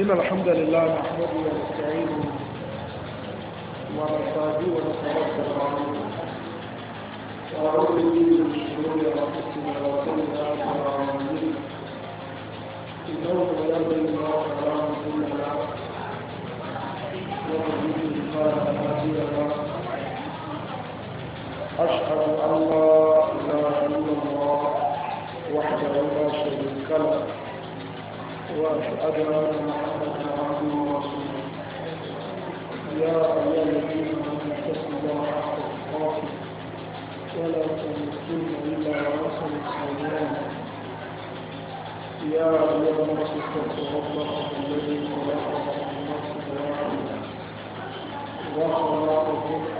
إن الحمد لله نحمده ونستعينه ونستهديه ونتوكل عليه ونعوذ به من شرور أنفسنا وسيئات أعمالنا إنه من يهده الله فلا مضل له ومن يضلل فلا هادي له أشهد أن لا إله إلا الله وحده لا شريك له وأشهد أن يا أيها الذين آمنوا اتقوا الله حق تقاته إلا وأنتم مسلمون يا أيها الناس اتقوا ربكم الذي خلقكم من نفس واحدة وخلق منها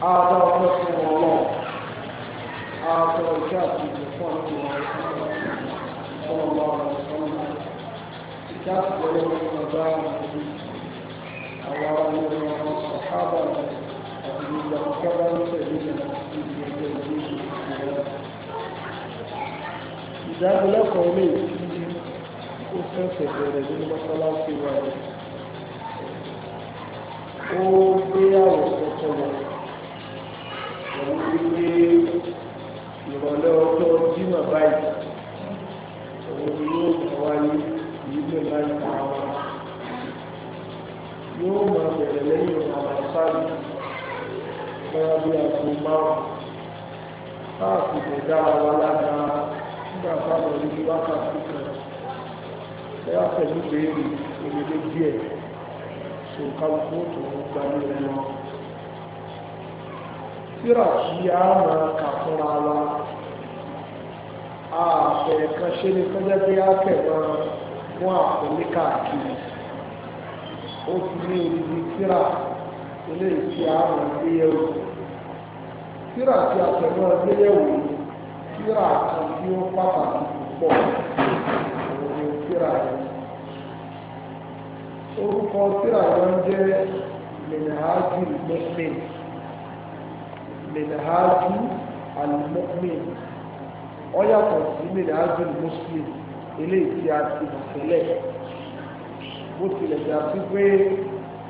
Ada ọpẹ́ fún ọlọ́. Ada ìṣe àti ìjọpọ̀ àti ìwọ̀n ọlọ́ ọ̀sán. Ìṣe àti ìjọpọ̀ àti ọjọ́ àti àwọn ọmọ ọmọ sọ̀hábà àti ìgbà kọ́kọ́ ń tẹ̀lé ìgbà tí ìgbà tí ìgbà ìdánilẹ́kọ̀ọ́ lè ó fẹ́ fẹ̀fẹ̀ rẹ̀ nínú mọ́sálásí wa rẹ̀ ó gbé àwọ̀ tuntun lọ pẹ̀lú wípé ìrọ̀lẹ́ ọjọ́ jímọ̀ báyìí òun ni yóò gbà wáyé ìdílé báyìí pa wọn yóò máa bẹ̀rẹ̀ lẹ́yìn ọ̀nà sáàlì lọ́wọ́ bí aago márùn-ún káàkiri kò dára wa lára nígbà táwọn oníwákàtí kan lẹ́yà pẹ̀lú béèrè ìrèlè díẹ̀ tó kálukú tó gbalé rẹ̀ lọ. Síra kí a máa kà fúnra wa, ààfẹ́ kan ṣe ni kọjá pé a kẹ̀ máa mú àpẹẹlẹ káàkiri. Ó ti ní odidi síra eléyìí tí a máa gbé yẹ̀wò. Síra tí a tẹ̀ máa gbé yẹ̀wò yìí, síra kan tí ó pàtàkì púpọ̀ òun ni síra yẹn. orúkọ tíra wọn jẹ́ mìnàájú mọ́sílẹ̀m mìnàájú alùmọ́sílẹ̀m ó si sí mìnàájú mọ́sílẹ̀m eléyìí tí a ti mọ̀ tẹ́lẹ̀ bó tilẹ̀ jà sí pé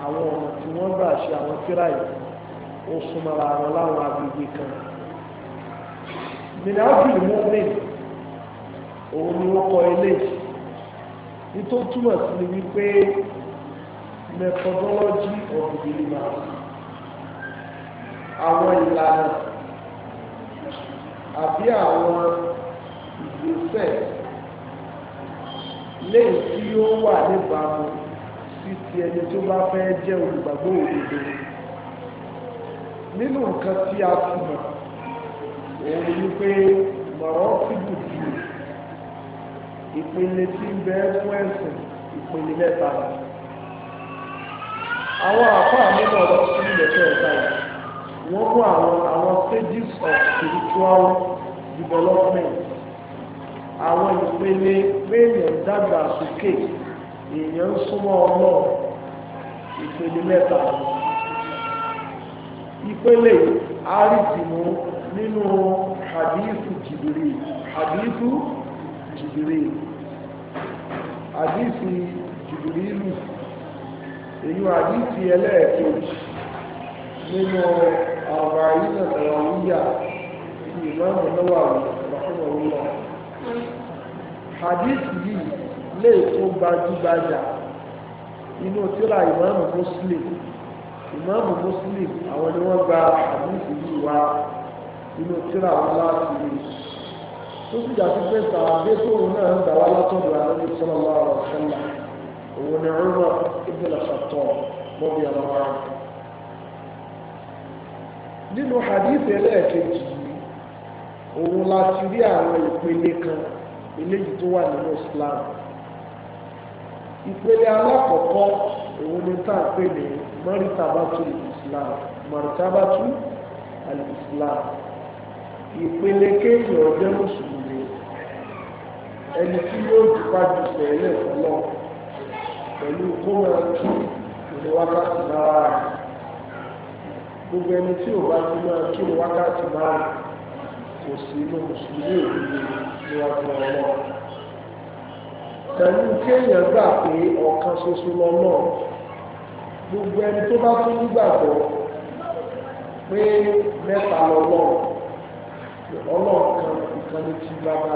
àwọn ọ̀nà tí wọ́n gbà ṣe àwọn tíra yìí ó kan mìnàájú mọ́sílẹ̀m òun ni wọ́n kọ eléyìí nítorí túmọ̀ sí methodology of believers àwọn ìlànà àbí àwọn ìgbésẹ̀ léyìí tí yóò wà níbàámu sí ti ẹni tó bá fẹ́ jẹ́ olùgbàgbọ́ òdodo nínú nǹkan tí a ti mọ̀ òun ni pé mọ̀rọ́ síbù jù ìpele tí ń bẹ fún ẹ̀sìn ìpele mẹ́ta rẹ̀ àwọn àpá àmúlò ọ̀rọ̀ sí ilẹ̀ tó ẹ̀ka yìí wọ́n mú àwọn àwọn stages of spiritual development àwọn ìpele péèyàn dàgbà sókè èèyàn ń súnmọ́ ọmọ ìpele mẹ́ta ìpele àrìtìmú nínú hadithu jìbìrì hadithu jìbìrì hadithu jìbìrì lù èyí àdíjì ẹlẹ́ẹ̀kejì nínú àwọn àyíkàtàwà wíyà ti ìmáàmù lọ́wọ́ àwọn ìgbàkúnmọ̀ wíyà àdíjì yìí lè tó gbajúgbajà inú tíra ìmáàmù muslim ìmáàmù muslim àwọn ni wọ́n gba àdíjì yìí wá inú tíra wọn láti rí tó sì dàbí pé sàbẹ́ tóun náà ń gbà wá látọ̀dọ̀ àwọn ìṣọ́lọ́wọ́ àwọn ìṣọ́lọ́wọ́ òun ni Umar ibn al-Khattab mọ́bí ọmọ wa. nínú hadith ẹlẹ́ẹ̀kejì òun la ti rí àwọn ìpele kan eléyìí tó wà nínú Islam ìpele alákọ̀ọ́kọ́ òun ni tá a pè ní mọ́rítàbátú Islam mọ́rítàbátú islam ìpele kéèyàn ọjọ́ mùsùlùmí ẹni tí yóò dúpájú sẹ́yìn ẹ̀fọ́ náà pẹ̀lú kúrò ìlú wákàtí náírà gbogbo ẹni tí ò bá ti máa kí ní wákàtí náírà kò sí inú mùsùlùmí òdodo níwájú ọlọ́run pẹ̀lú kéèyàn gbà pé ọ̀kan ṣoṣo lọ́nà gbogbo ẹni tó bá tún nígbàgbọ́ pé mẹ́ta lọ́lọ́run ọlọ́run ìkànnì ti bàbá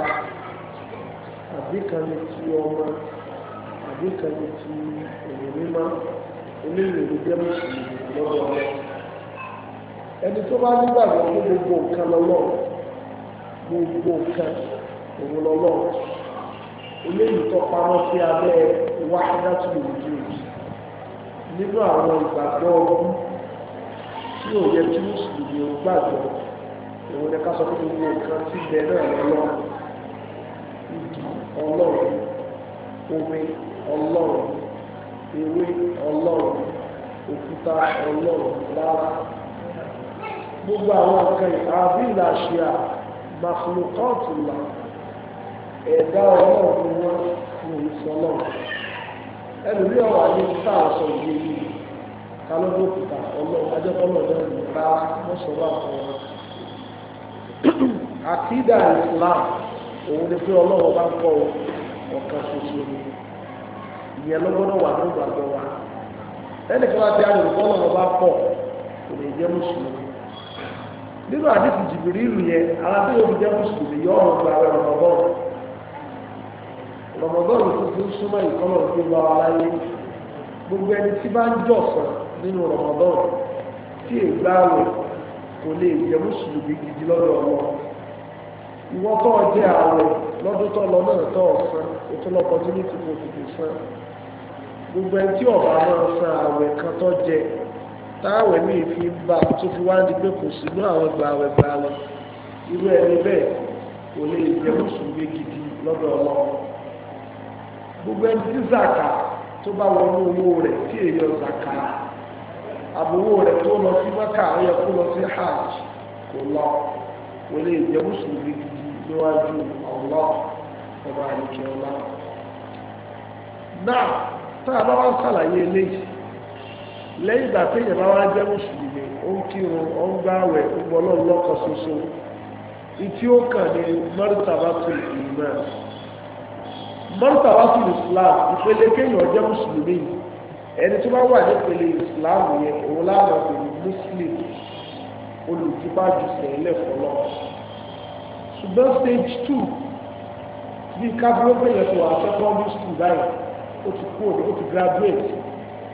àbí kan ti ọmọ àbí kan ní ti èyí mímá onílù ní jẹ́ mùsùlùmí lọ́dọ̀ ọ̀rọ̀ ẹni tó bá nígbàgbọ́ pé gbogbo nǹkan lọ́lọ́ gbogbo nǹkan òun lọ́lọ́ eléyìí tó pamọ́ sí abẹ́ wáhádá tó lè dì í nínú àwọn ìgbàgbọ́ ọdún tí ò yẹ kí mùsùlùmí ò gbàgbọ́ òun ni ká sọ pé gbogbo nǹkan ti bẹ náà lọ́lọ́ ìdí ọlọ́run omi ọlọ́run ewé ọlọ́run òkúta ọlọ́run lára gbogbo àwọn nǹkan àbí ìlàṣíà màfùlùkọ́ọ̀tù là ẹ̀dá ọlọ́run ni wọ́n mú ìsọlọ́run ẹlòmí ọ̀rọ̀ ayé tá a sọ ìdí èyí kálọ́dún òkúta ọlọ́run ajẹ́kọ́lọ́ ọ̀dọ́ ìlú rárá wọ́n sọ wà fún wọn. àkídà Islam òun ni pé ọlọ́run bá ń kọ́ ọ̀kan ṣoṣo ni ìyẹn lọ́gbọ́dọ̀ wà lọ́dọ̀ àjọ wa ẹnì kan láti àjọ olùkọ́ náà bá pọ̀ kò lè jẹ́ mùsùlùmí nínú àdìsí jìbìrì ìlú yẹn alábí yóò fi jẹ́ mùsùlùmí yọ ọ̀rọ̀ gba ẹ̀rọ ọ̀gbọ́n rọmọdọ́ọ̀nù tuntun súnmọ́ ìkọlọ̀ tó lọ aláyé gbogbo ẹni tí bá ń jọ̀sán nínú rọmọdọ́ọ̀nù tí ègbà rẹ̀ kò lè jẹ́ mùsùlùmí gidi lọ́dọ̀ ọlọ́ ìwọ́tọ̀ jẹ́ ààrẹ lọ́dún tó lọ náà tó ọ̀sán ètò lọ́pọ̀ tó ní ti kò tètè sán gbogbo ẹni tí ọba náà san àwẹ̀ kan tó jẹ táwẹ̀ míì fi ń bá tó fi wá di pé kò sínú àwọn gbàwẹ̀ gbàwẹ̀ irú ẹni bẹ́ẹ̀ kò lè jẹ mùsùlùmí gidi lọ́dọ̀ ọlọ́run gbogbo ẹni tí tó bá wọnú owó hajj kò lọ kò lè jẹ gidi níwájú ọba tá a bá wá sàlàyé eléyìí lẹ́yìn ìgbà tí ìyẹn bá wá jẹ́ mùsùlùmí ó ń kírun ó ń gbààwẹ̀ ó ń gbọ́ lọ́wọ́ lọ́kọ̀ ṣoṣo ìtí ó kàn ní mọ́rítàbátìlì ìmọ̀ mọ́rítàbátìlì Islam ìpele kéèyàn jẹ́ mùsùlùmí ẹni tó bá wà nípele Islam yẹn òun láwọn pẹ̀lú muslim olùdíbàjù sẹ́lẹ̀ fọlọ́ ṣùgbọ́n stage two bí kábíyó pẹ̀lú ẹ̀sùn àṣẹ secondary school báyìí ó ti kú ó ti graduate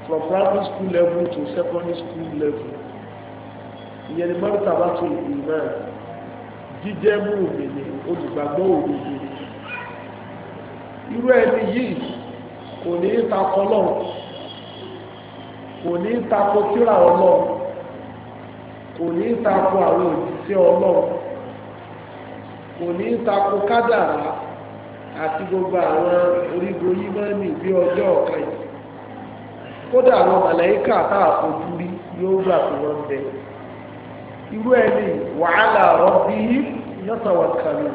from primary school level to secondary school level ìyẹn ni mọ́tà bá tó ìlú náà jíjẹ́ mú òmìnir olùgbàgbọ́ òmìnir irú ẹni yìí kò ní í takọ lọ́wọ́ kò ní í takọ kíra ọlọ́wọ́ kò ní í takọ àwọn òjíṣẹ́ ọlọ́wọ́ kò ní í takọ kádàrá àti gbogbo àwọn orígun yímọ́nì bí ọjọ́ ọ̀kan yìí kódà àwọn màláíkà tá a fojú rí yóò gbà pé wọ́n ń bẹ irú ẹni wàhálà rọ́bì yọ́tàwàkàlù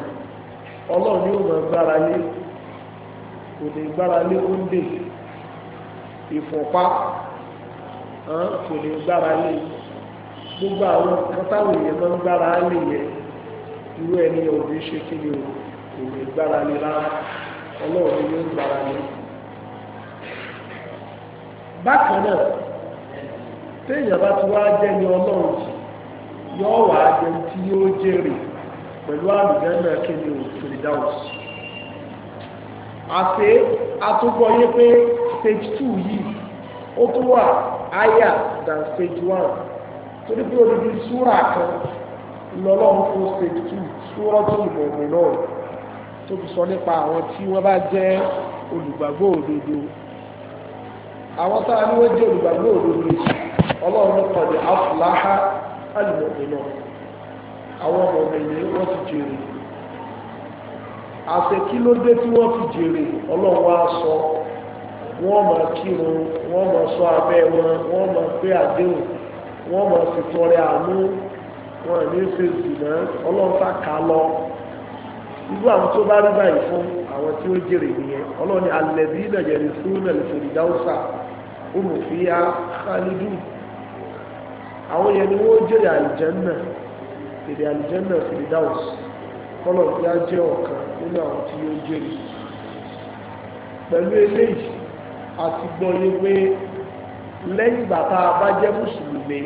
ọlọ́run yóò máa gbára lé kò lè gbára lé oúnjẹ ìfọ̀pá kò lè gbára lé gbogbo àwọn nǹkan táwọn èèyàn máa ń gbára lé yẹn irú ẹni yẹn ò ní ṣe kí ni o èmi gbára ni rárá ọlọ́run ni yóò gbára ni. bákan náà téèyàn bá ti wá jẹ́ ni ọlọ́run jì yóò wá jẹ tí yóò jèrè pẹ̀lú àlùjẹ́ náà kí ni òṣèlú dáhùn sí. àti àtúgbọ̀ yé pé stage two yìí ó tún wà higher than stage one torí pé odidi súrà kan lọ́lọ́run fún stage two súrà tó ìmọ̀ ìmọ̀ náà tó fi sọ nípa àwọn tí wọ́n bá jẹ́ olùgbàgbọ́ òdodo àwọn tá a ní wọ́n jẹ́ olùgbàgbọ́ òdodo ọlọ́run ní kọ̀dé afúláhá alùmọ̀mìnà àwọn ọmọbìnrin wọ́n ti jèrè àṣẹ kí ló dé tí wọ́n fi jèrè ọlọ́run wá sọ wọ́n máa kírun wọ́n máa sọ abẹ́ wọn wọ́n máa pé àdéhùn wọ́n máa sì tọrẹ àánú wọn ní í ṣe ìsìnà ọlọ́run tá kà á lọ irú àwọn tó bá rí báyìí fún àwọn tí ó jèrè nìyẹn ọlọ́run ni alẹ́bí ìdàjẹ́ ní súnà lẹ́sọ̀rì dáúsà olùfíà khalidu àwọn yẹn ni wọ́n jèrè àlìjẹ́nà èrè àlìjẹ́nà fìdí dáús kọ́lọ̀ bí á jẹ́ ọ̀kan nínú àwọn tí ó jèrè pẹ̀lú eléyìí àti gbọ́ yé pé lẹ́yìn ìgbà tá a bá jẹ́ mùsùlùmí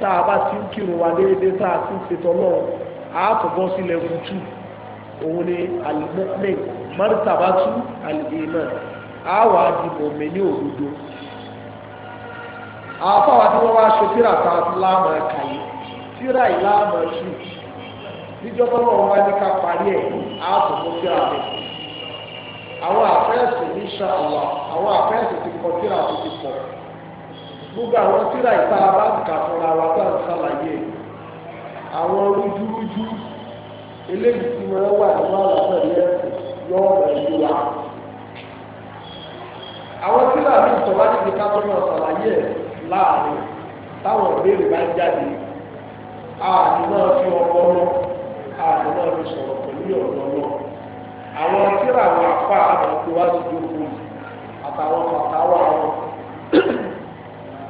tá a bá ti ń kírun wa déédéé tá a ti ń ṣetọ́ náà àá tó bọ́ sí lẹ́kùn tù òun ni alimọ́mìn mọ́tàbátú alìmọ́ àwọ̀ àdìmọ̀mí ní òdodo àfáwà tí wọ́n wá ṣe tíra ta láàmú ẹ̀ka yìí tíra yìí láàmú ẹ̀sùn níjọba náà wọ́n wá ní ká parí ẹ̀ àtúntò tíra rẹ̀ àwọn àfẹ́sì ní sàlọ̀ àwọn àfẹ́sì ti kọ tíra tó ti pọ̀ gbogbo àwọn tíra ìta bá kà fúnra wa bá ń sàlàyé àwọn rújúrújú eléyìí tí mo wà ní àlàfẹ́ yẹ yọ ọ̀rọ̀ ìlú wa. àwọn tí láàbí ìtọ́wá ti di kápẹ́nà ṣàlàyé ẹ̀ láàrin táwọn ìbéèrè bá ń jáde àti náà fi ọkọ lọ àti náà fi sọ̀rọ̀ pẹ̀lú ọ̀rọ̀ lọ. àwọn tí làwọn afá àtàkùn wá sí ìjókòó yìí àtàwọn fàtàwà wọn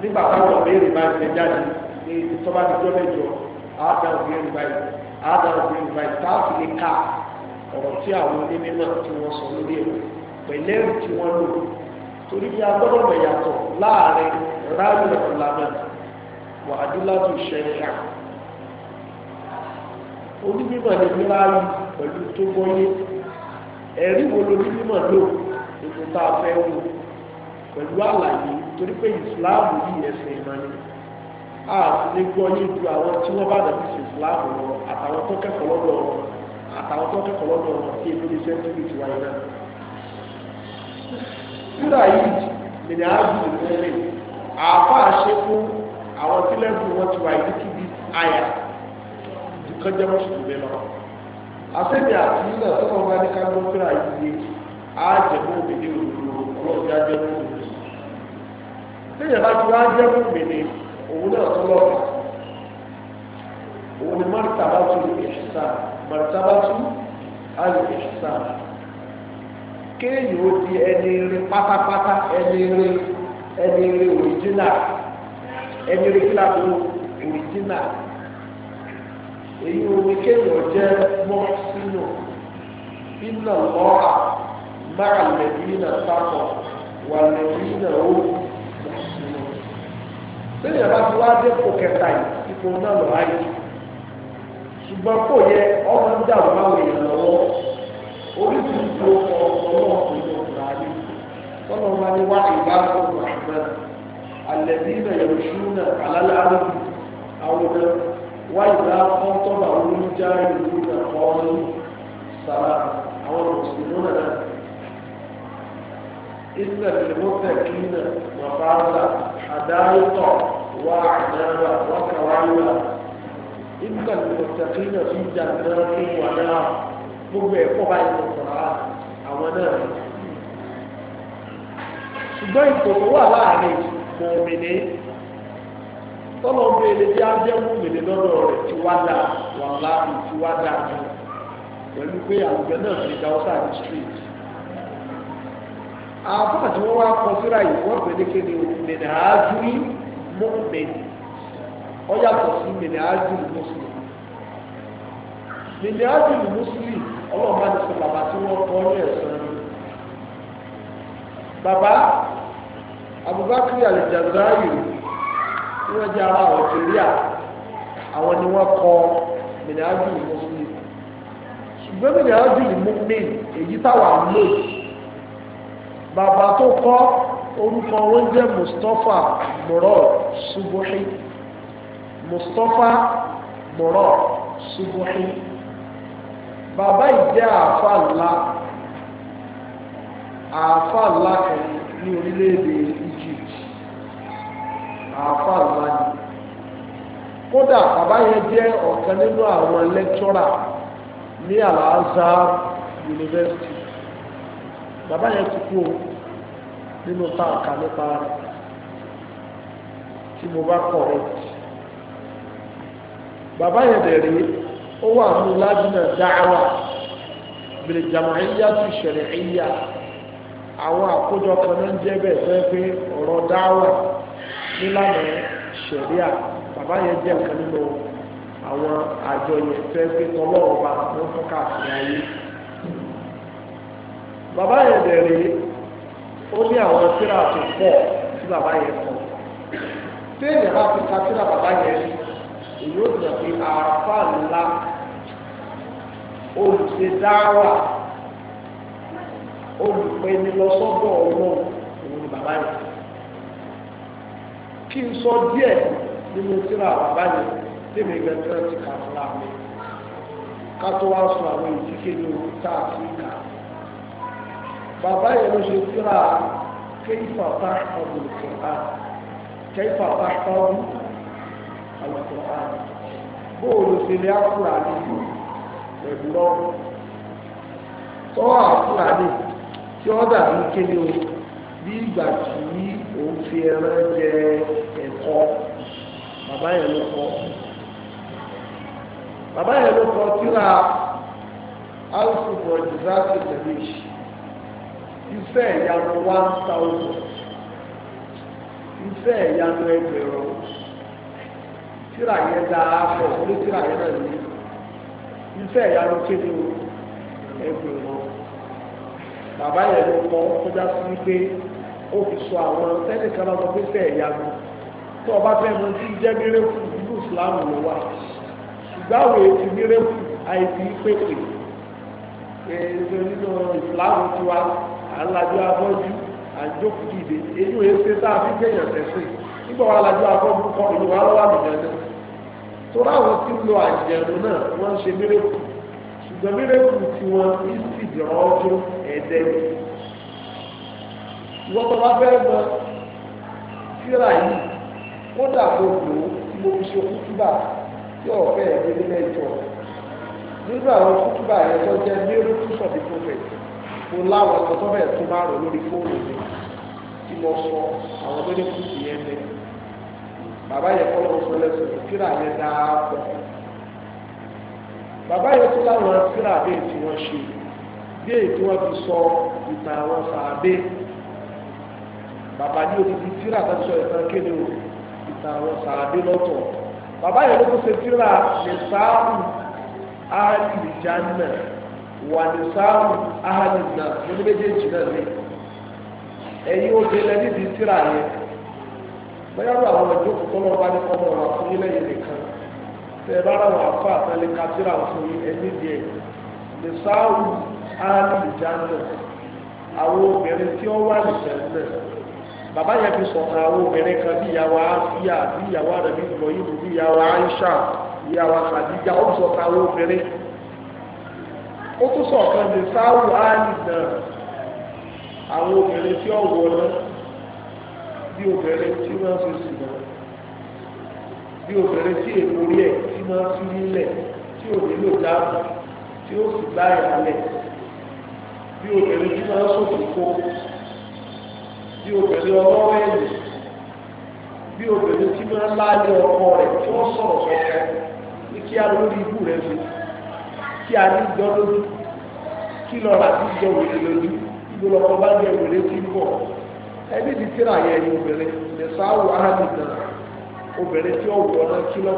nígbà táwọn ìbéèrè bá ń jẹ jáde ní ìtọ́wá ti jọ́ mẹ́jọ àádọ́ ìbéèrè báyìí adult green by south lè ka ọ̀rọ̀ tí àwọn onímọ̀ tí wọ́n sọ lórí ẹ̀ pẹ̀lẹ́ tí wọ́n lò torí bí agbọ́dọ̀ mẹ̀yàtọ̀ láàrin ráàlù ìlànà wà adúláàtú ṣẹ̀ṣà onímọ̀ ní míláàlù pẹ̀lú tó gbọ́yé ẹ̀rí wo lónímọ̀ lò ètò tá a fẹ́ wò pẹ̀lú àlàyé torí pé ìsìláàmù yìí ẹ̀sìn ìmọ̀ ni àti lè gbọ́ yìí ju àwọn tí wọ́n bá dàbí sí ìsìláàmù wọn àtàwọn tó kẹ́kọ̀ọ́ lọ́dọ̀ wọn àtàwọn tó kẹ́kọ̀ọ́ lọ́dọ̀ wọn tí èmi lè sẹ́ńtúrì ti wáyé náà. síra yìí lèyìn ààbò ìfẹ́lẹ̀ àáfà ṣe fún àwọn tí lẹ́bùn wọn ti wáyé kíbi àyà ju kọjá mọ́sùlùmí bẹ́ẹ̀ lọ. àṣẹ́bí àti nígbà tó kọ́ wá ní ká gbọ́ òun náà tó lọ́ọ̀kà òun ni martabatu al-ihsan martabatu al-ihsan kéèyàn ó di ẹni rí pátápátá ẹni rí ẹni rí òrìjínà ẹni rí kíláàbù òrìjínà èyí omi kéèyàn jẹ́ mọ́ sínú iná lọ́ọ̀à máa lẹ̀bí náà sáfọ̀ wà lẹ̀bí náà ó fi bẹ́ẹ̀ yàrá ti wá dépò kẹta yìí ipò náà lọ ayé ṣùgbọ́n kò yẹ ọmọ ń dà wọ́n àwọn èèyàn lọ́wọ́ oríṣiríṣi ọkọ̀ ọlọ́run kò yọ ọ̀rọ̀ ayé tọ́lọ́ wa ni wá ìbáfọ̀ ọ̀rọ̀ àlẹ́bí náà yẹ̀wò ṣúrú náà àlálẹ́ àwọn àwòrán wá ìgbà ọ̀tọ̀ àwọn oníjà ìlú náà kọ́ ọ́n sára àwọn mùsùlùmí náà إلا للمتقين مفازة حدائق وأعناب وكوارب إلا للمتقين في جنات ونار gbogbo ẹ̀kọ́ báyìí ló ṣùgbọ́n ìkòkò wà láàrin mọ̀mìnì tọ́lọ̀ bèèrè bí abẹ́ mọ̀mìnì lọ́dọ̀ rẹ̀ ti wá wà láàrin ti wá jù pẹ̀lú pé àbúrò tí wọ́n wá kọ síra yìí wọ́n pè é lékele o ájúrí ọ sí ájúrí mùsùlùmí ájúrí mùsùlùmí ti sọ bàbá tí wọ́n kọ́ ní ẹ̀sán ní bàbá Abubakar al tí wọ́n jẹ́ ara Algeria àwọn ni wọ́n kọ ájúrí mùsùlùmí ṣùgbọ́n ájúrí bàbá tó kọ́ orúkọ wọn jẹ́ Mustapha mọ̀rọ̀ Subuhi Mustapha mọ̀rọ̀ Subuhi bàbá ìjẹ́ àáfà ńlá àáfà ńlá kan ní orílẹ̀-èdè Egypt àáfà ńlá ni kódà bàbá yẹn jẹ́ ọ̀kan nínú àwọn lẹ́kítọ́rà ní al University bàbá yẹn ti kú o nínú páàkà nípa rẹ̀ tí mo bá kọ̀ rẹ̀ bàbá yẹn bẹ̀rẹ̀ ó wà mú ládùúgbò dáhàwá bèrè jàmáyà tó ṣẹlẹ̀ ẹ̀yà àwọn àkójọ kan náà ń jẹ́ bẹ́ẹ̀ fẹ́ pé ọ̀rọ̀ dáhàwá nílànà ṣẹ̀ríà bàbá yẹn jẹ́ nǹkan nínú àwọn àjọ fẹ́ pé tọ́lọ́ọ̀ba wọn fọ́ káàkiri ayé. bàbá yẹn bẹ̀rẹ̀ ó ní àwọn tíra tó pọ̀ tí bàbá yẹn kọ téèyàn bá fi ka tíra bàbá yẹn èyí ó dùn pé àáfà ńlá olùṣèdáwà ní lọ́sọ́dọ̀ òun ni bàbá yẹn kí n sọ díẹ̀ nínú tíra bàbá yẹn tèmi ti kà wá sọ àwọn ìdíkẹ́ ní orí tá a ti kà bàbá yẹn ló ṣe síra kéyìfà bá ọdún ìkọ̀ọ̀á kéyìfà bá ọdún ìkọ̀ọ̀á bóòlù sí ilé afúlàní pẹ̀lú lọ́wọ́ tọ́wọ́ afúlàní tí wọ́n dàbí kéde o bí ìgbà tí òun fi ẹran jẹ ẹ̀kọ́ bàbá yẹn ló kọ́ bàbá yẹn ló kọ́ síra alùpùpù ọ̀jọ̀dá ti tẹ̀lé yìí iṣẹ́ ìyanu one thousand iṣẹ́ ìyanu ẹgbẹ̀rún tíra yẹn dáa pọ̀ ní tíra yẹn náà ní iṣẹ́ ìyanu kéde o ẹgbẹ̀rún bàbá yẹn ló kọ́ kọjá sí pé ó fi sọ àwọn tẹ́lifíṣàn lọ́sọ pé iṣẹ́ ìyanu tó o bá fẹ́ mu tí jẹ́ mírẹ́kù nínú ìsìlámù ló wà ṣùgbọ́n àwọn ètò mírẹ́kù àìsí pépè ẹ̀ẹ́dẹ̀ nínú ìsìlámù tiwa alájọ afọ́jú àjókùdìde èyí ò ṣe a fi kéèyàn tẹ̀sìn nígbà wà alájọ afọ́jú kọ ìlú wa lọ́wọ́ àbìjẹ́nu torí àwọn tí ń lo àjẹ̀nu náà wọ́n ń ṣe mírèkù ṣùgbọ́n mírèkù tiwọn ìsìdì ọjọ́ ẹ̀dẹ́ ìwọ́n tó bá fẹ́ mọ síra yìí kódà kó lò ó tí mo fi ṣe kútúbà tí ọ̀fẹ́ ẹ̀dẹ́ nílẹ̀ ìjọ nínú àwọn kútúbà yẹn tó jẹ́ mérèkù sọ̀dí prophet mo láwọn ẹ̀kọ́ tó bẹ̀rẹ̀ tó bá rọ̀ lórí fóònù mi tí mo sọ àwọn tó ní kù sí yẹn ní bàbá yẹn kọ́ lọ́wọ́ sọlẹ̀ sọ̀rọ̀ kíra yẹn dáa pọ̀ bàbá yẹn tó láwọn kíra bẹ́ẹ̀ tí wọ́n ṣe bí èyí tí wọ́n fi sọ ìtàn àwọn sàábé bàbá ní odidi kíra tó sọ ìtàn kéde o ìtàn àwọn sàábé lọ́tọ̀ bàbá yẹn ló tó ṣe kíra lè sáà áàlì náà wà ní sáàmù ahadùn náà mo ní méjèèjì náà lé ẹ̀yin obìnrin lẹ́ni ti tíra yẹn bóyá ló àwọn ìjókòó tó lọ́ọ́ bá ní kọ́mọ wà fún yín lẹ́yìn nìkan tẹ ẹ bá rà wà fún àtàlẹ́ ká tíra fún yín ẹni díẹ̀ ní sáàmù ahadùn jáde àwọn obìnrin tí ó wà nìkan náà bàbá yẹn fi sọ̀tàn àwọn obìnrin kan bí ìyàwó àfíà bí ìyàwó àdàbí ìbọ̀yìn bí ìyàwó àìsà ìyàwó àkàdíjà ó sọ̀tàn àwọn obìnrin ó tún sọ̀kan lè sáwù áàlì náà àwọn obìnrin tí ó wọ náà bí obìnrin tí wọ́n ṣe sì náà bí obìnrin tí èkó rí ẹ̀ tí máa ń tún nílẹ̀ tí ò nílò dáàbò tí ó sì gbá ìyálẹ̀ bí obìnrin tí máa ń sòkò kó bí obìnrin ọlọ́wọ́ ẹ̀yìn bí obìnrin tí máa ń láàyè ọkọ rẹ̀ tí ó sọ̀rọ̀ sọ̀rọ̀ ní kí á lórí ibú rẹ̀ fi. kí a ní jọ lójú kí lọ rà sí jọ wèrè lójú ibo lọkọ bá jẹ tí ń bọ ẹbí ti tíra yẹn ni obìnrin lè sá wọ ahàmì náà obìnrin tí ó wọ náà kí lọ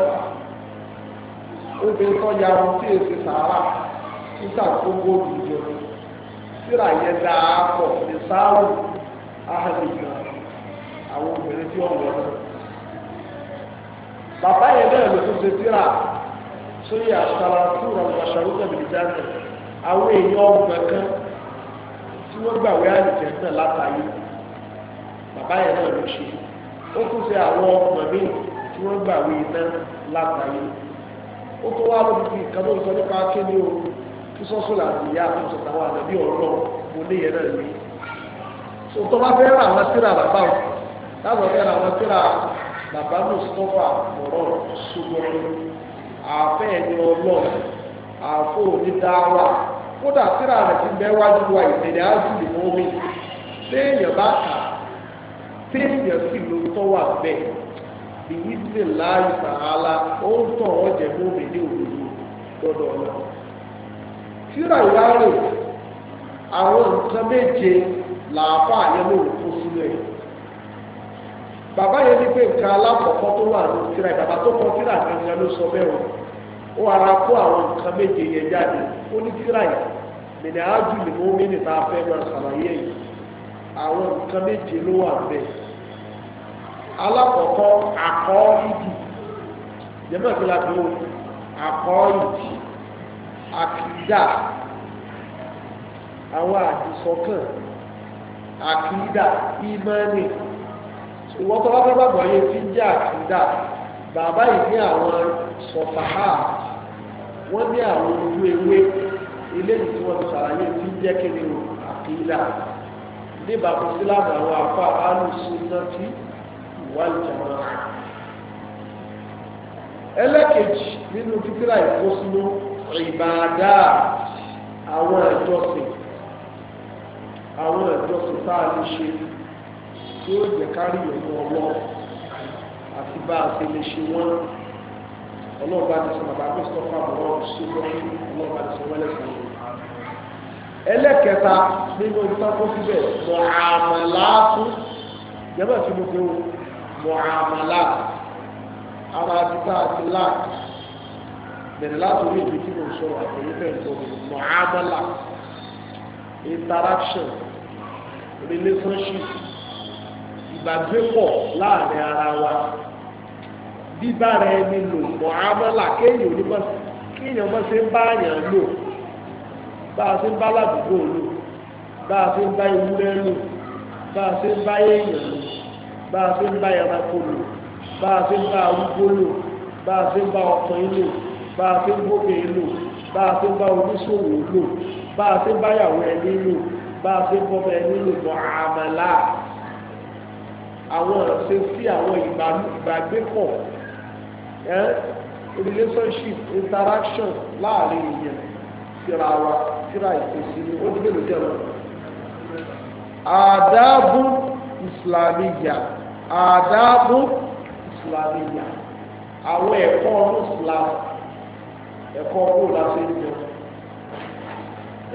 obìnrin tó ya ohun tí èsì sàárà níta tó jọ tíra dáa pọ lè sá wọ ahàmì náà àwọn obìnrin tí ó wọ náà bàbá yẹn náà ṣe sórí àtàrà fúnra ọ̀ṣàrò náà bìí jáde àwọn èèyàn ọgbọ̀n kan tí wọ́n gbàwé àlùjẹ náà látàyè bàbá yẹn náà ló ṣe ó tún ṣe àwọn ọgbọ̀n míì tí wọ́n gbàwé iná látàyè ó tó wá lóbi bíi kan lóòótọ́ nípa akéde o kí sọ́sọ́ làbí ìyá àtúnṣe táwọn àdàbí ọ̀rọ̀ mo lé yẹn náà ní. sọ̀tọ́ bá fẹ́ ra àwọn síra bàbá o láwọn fẹ́ ra àwọn síra bàbá mùsùlùmá ọ̀rọ̀ sógbọ́n àáfẹ́ ẹni ọlọ́run àáfẹ́ onídàáwà kódà síra rẹ̀ ti bẹ́ wájú wa ìtẹ̀lẹ́ ájúlì mọ́mí téèyàn bá kà téèyàn sì ló tọ́wà bẹ́ẹ̀ èyí sì láàyè sàhálà ó ń tàn ọ́ jẹ́ mọ́mí ní ọ̀la síra bàbá yẹn ní pé nǹkan alákọ̀ọ́kọ́ tó wà ní tíra ìbàbá tó kọ́ tíra gangan ló sọ bẹ́ẹ̀ o ó ara kó àwọn nǹkan méje yẹn jáde ó ní tíra yìí mìíràn ájú ni mo mí níta fẹ́ máa ṣàlàyé yìí àwọn nǹkan méje ló wà bẹ́ẹ̀ alákọ̀ọ́kọ́ àkọ́ ìdì jẹ́mọ̀ kí la àkọ́ ìdì àkìdá àwọn àdìsọ́kàn àkìdá ìmánì ìwọ́n tó bá fẹ́ gbàgbọ́ yé tí jẹ́ àkídà bàbá yìí ní àwọn sọ̀fàhà wọ́n ní àwọn ojú ewé eléyìí tí wọ́n ti sàlàyé tí jẹ́ kéde àkídà níbà kò sí láàbù àwọn afọ alùsùnàtì ìwádìí ẹlẹ́kejì nínú títíra ìfọ́sínú ìbàdà àwọn ẹ̀jọ́sìn àwọn ẹ̀jọ́sìn tá a lè ṣe yóò jẹ́ kárí ìyọ̀nù ọlọ́ àti bá a ṣe lè ṣe wọ́n ọlọ́ọ̀bá ti sọ bàbá Christopher bọ̀rọ̀ ṣùgbọ́n ọlọ́ọ̀bá ti sọ wẹ́lẹ́sì ẹlẹ́kẹta nínú ìtàkó síbẹ̀ mọ̀àmàláàtú yẹ́bà tí mo gbé wọn mọ̀àmàláàtú ara àdúgbò àti láàtú bẹ̀rẹ̀ látòrí ibi tí mo sọ̀rọ̀ àtòrí bẹ́ẹ̀ tó mọ̀àmàláàtú interaction relationship ìgbàgbé pọ̀ láàrin ara wa bíbára ẹni lò mọ̀ amọ́là kéèyàn onímọ̀ kéèyàn mọ̀ sí ń bá àyàn lò bá a sí ń bá ládùúgbò lò bá a sí ń bá ewúrẹ́ lò bá a sí ń bá èèyàn lò bá a sí ń bá ẹranko lò bá a sí ń bá arúgbó lò bá a sí ń bá ọkùnrin lò bá a sí ń bóbìnrin lò bá a sí ń bá oníṣòwò lò bá a sí ń bá ìyàwó ẹni lò bá a sí ń bọ́ ẹni lò mọ̀ àmàlà àwọn ọ̀sẹ̀ sí àwọn ìgbàgbé pọ̀ relationship interaction láàrin ìyẹn síra wa síra ìpèsè ní onígbèlú jẹ́wọ́. àdáàbò ìsìlámìyà àdáàbò ìsìlámìyà àwọn ẹ̀kọ́ ọdún islam ẹ̀kọ́ ọdún láti ń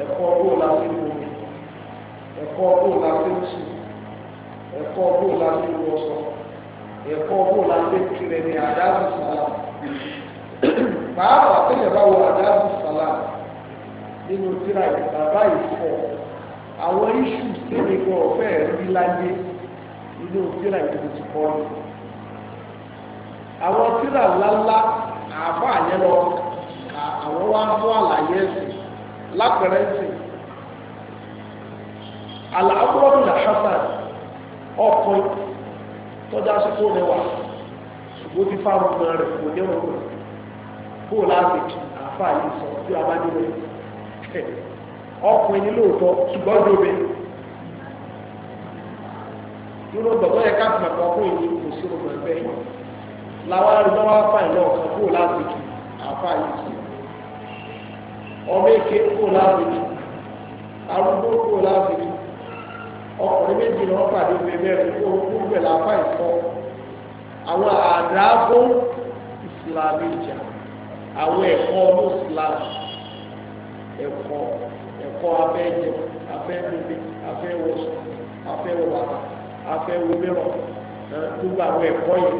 ẹ̀kọ́ ọdún láti ń ẹ̀kọ́ ọdún láti ń ẹkọ bó la fi wọ sọ ẹ̀kọ́ ní adáàbò sàlá pàápàá tẹ̀lé bá wọ adáàbò sàlá nínú tíra bàbá yìí àwọn iṣu tẹ̀lé gan ọ̀fẹ́ rí láyé nínú tíra ti àwọn tíra ńláńlá àbá yẹn lọ àwọn wa mú àlàyé lápẹrẹ ọkùn tọ́já sí tó lẹ́wà ṣùgbọ́n fáwọn ọmọ rẹ̀ kò níwọ̀n rẹ̀ kó láti kí àfà yìí sọ tí a bá nílẹ̀ ọkùn ní lóòótọ́ ṣùgbọ́n lóbe nínú gbọ̀gbọ́ yẹ ká fìmọ̀ kò sí ọmọ ẹgbẹ́ yìí làwọn kó láti kí àfà ọkùnrin méjì ni wọ́n pàdé obìnrin mẹ́rin kó orúkú pẹ̀lú apá ìfọ́ àwọn àdáàbò ìsìlámù ìjà àwọn ẹ̀kọ́ ọdún ìsìlámù ẹ̀kọ́ ẹ̀kọ́ abẹ́jẹ abẹ́míbi abẹ́wọ̀sọ abẹ́wọ̀bàtà abẹ́wọ̀mẹ́rọ̀ gbogbo àwọn ẹ̀kọ́ yìí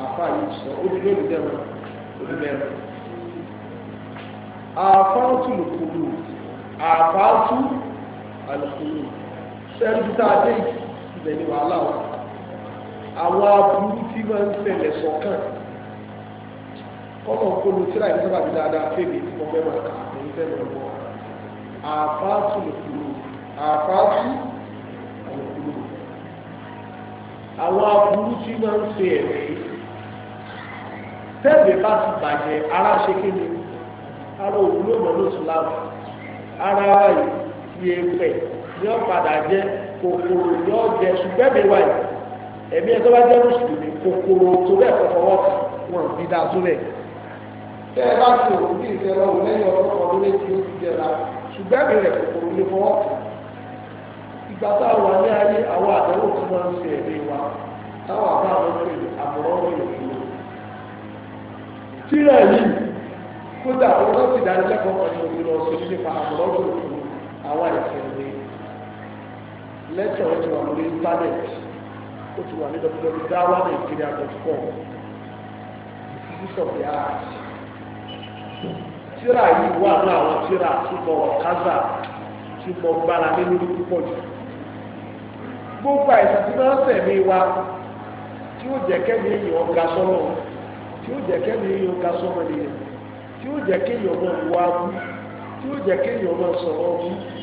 àáfà yìí sọ ó dúró ìdẹ́rùn olùmẹ́rin àáfà ó tún lùkùlù àáfà ó tún àlùkùlù. sẹ́rù tá a dé ìbẹ̀ wàhálà wà àwọn aburú tí máa ń tẹ̀lẹ̀ sọ̀kàn kọ́kọ́ kó na tíra ìlú sábà dáadáa fèmí tí mo fẹ́ máa kà ní fẹ́ máa bọ̀ àfáàtù lòkùrù àwọn aburú tí ń ẹ̀rẹ́ tẹ́lẹ̀ bá ti bàjẹ́ ara ara òwúlò mọ́ ara yìí yọ padà jẹ kòkòrò yọ jẹ ṣùgbọ́n mi wáyé ẹ̀mí ẹ̀ tó bá jẹ́ mùsùlùmí kòkòrò tó bẹ́ẹ̀ fọwọ́ wọn bí dáa tó lẹ̀. ẹ bá ti òkú bí ìfẹ́ lọ́wọ́ lẹ́yìn ọdún ti jẹra ṣùgbọ́n mi rẹ̀ kòkòrò lè fọwọ́ ìgbà tá a wà ní ayé àwọn ń ṣe ẹ̀mí wa tíra yìí kódà ọlọ́sìn lẹ́tọ̀ ó wà lórí íńtánẹ́ẹ̀tì ó ti wà ní nigeria ìfúnṣọ̀ bí a tíra yìí wà ní àwọn tíra tí mo wà kázà tí mo gbára púpọ̀ jù gbogbo àìsàn tí wọ́n tẹ̀lé wa tí ó jẹ́ kẹ́mi èèyàn sọ́nà tí ó jẹ́ kẹ́mi sọ́nà nìyẹn tí ó jẹ́ kéèyàn tí ó jẹ́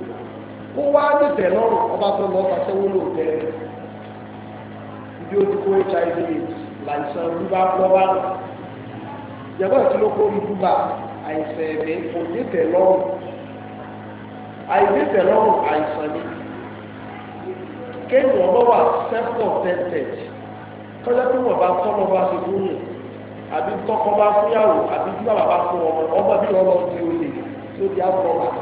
kó wá dìtẹ̀ lọ́rùn ọba tó lọ fàṣẹwó lò tẹ ibi ó ti kó hiv láìsàn rúbá lọ́wọ́ ìjọba tí ló kó rúbá àìsàn ẹ̀mí kò dìtẹ̀ lọ́rùn àìdìtẹ̀ lọ́rùn àìsàn ni kéèyàn ọmọ wa self-contented kọjá pé wọn bá tọ́lọ́ bá ṣe fún àbí tọkọ bá fúnyàwó àbí tí bàbá bá fún ọmọ ọmọ bí ọlọ́run ti ó lè tó di àbúrò bàbá.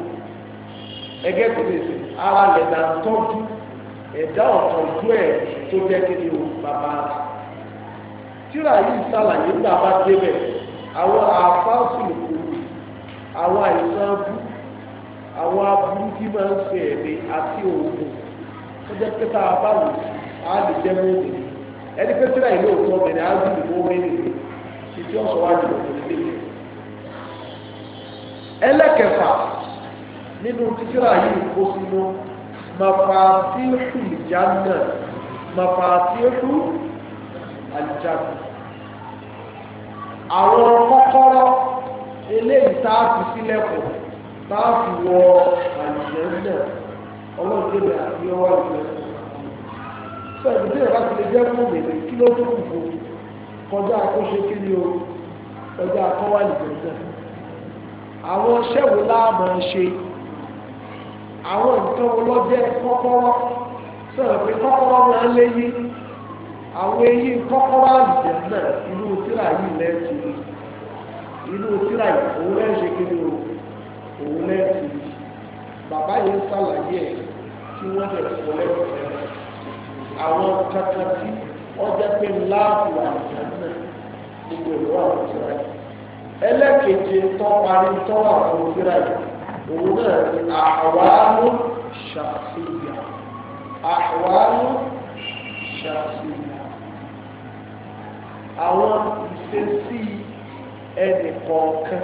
ẹgẹ́ tó lè sè ara lẹ̀ là tọ́jú ẹ̀dá ọ̀tọ̀jú ẹ̀ tó jẹ́ kéde o bàbá rà tíra yìí sàlàyé nígbà débẹ̀ àwọn àfáàsùn kò àwọn àìsàn abú àwọn aburú tí máa ń Oge ẹ̀mí àti òògùn tó jẹ́ a á lè jẹ́ mọ́ọ̀dì ẹni pé tíra á nínú títíra yìí kó sínú mafatihu aljanna mafatihu aljanna àwọn kọ́kọ́rọ́ eléyìí tá a fi sílẹ̀kùn tá a fi wọ aljanna ọlọ́run lè àti ọwọ́ aljanna sọ ìdílé ìbá ti lè jẹ́ fún bèbè kí ló tó kù fún kọjá àkóso kí ni o kọjá àkọ́wá aljanna àwọn ṣẹ́wò láàmú ṣe àwọn nǹkan ọlọ́jẹ́ kọ́kọ́rọ́ sọ̀rọ̀ pé kọ́kọ́rọ́ máa ń léyìn àwọn eyín kọ́kọ́rọ́ àlùjẹ́ náà inú tíra yìí lẹ́ẹ̀tì inú tíra yìí òun lẹ́ẹ̀ ṣe kí ni o òun lẹ́ẹ̀tì bàbá yìí ń sàlàyé ẹ̀ tí wọ́n lè fọ́ lẹ́ẹ̀tì àwọn kankan tí ọjọ́ pé láàbù àlùjẹ́ náà gbogbo ìlú àwọn tíra yìí ẹlẹ́kẹ̀jẹ̀ tọ́ parí tọ́ àwọn tíra yìí òun náà ni àwárú ṣàṣìyà àwárú ṣàṣìyà àwọn ìṣesí ẹnì kọ̀ọ̀kan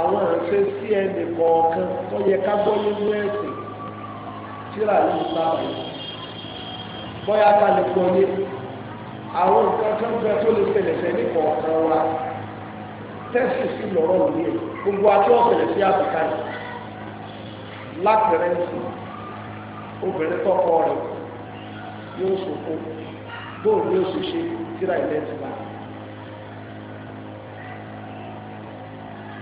àwọn ìṣesí ẹnì kọ̀ọ̀kan tó yẹ ká gbọ́ nínú ẹ̀sìn tíra yìí sábà yìí bóyá ká lè gbọ́ yé àwọn nǹkan tó ń bẹ tó lè ṣẹlẹ̀ sẹ́ni kọ̀ọ̀kan wa tẹ́sì sí lọ́rọ̀ lóye gbogbo àti ọ̀sẹ̀lẹ̀ sí àtìká yìí látẹ̀rẹ́ sí obìnrin tọkọ rẹ̀ yóò sòkò bóòlù yóò sì ṣe tíra ilẹ̀ ti bá.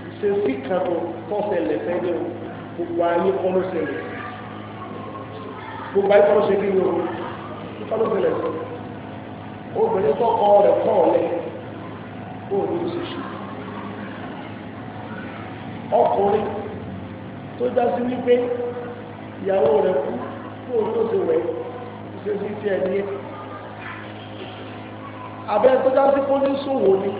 ìṣesí kan tó tọ́sẹ̀lẹ̀ fẹ́lẹ́ o gbogbo ayé kọ́ ló ṣẹlẹ̀ gbogbo ayé kọ́ ló ṣe kí ni o kọ́ ló ṣẹlẹ̀ obìnrin tọkọ rẹ̀ kọ́ ọ̀lẹ́ bóòlù yóò sì ṣe. ọkùnrin tó jásí wípé ìyàwó rẹ̀ kú kó tó ti wẹ̀ ṣe sí ti ẹni abẹ́ tó jásí sí ní ṣòwò ni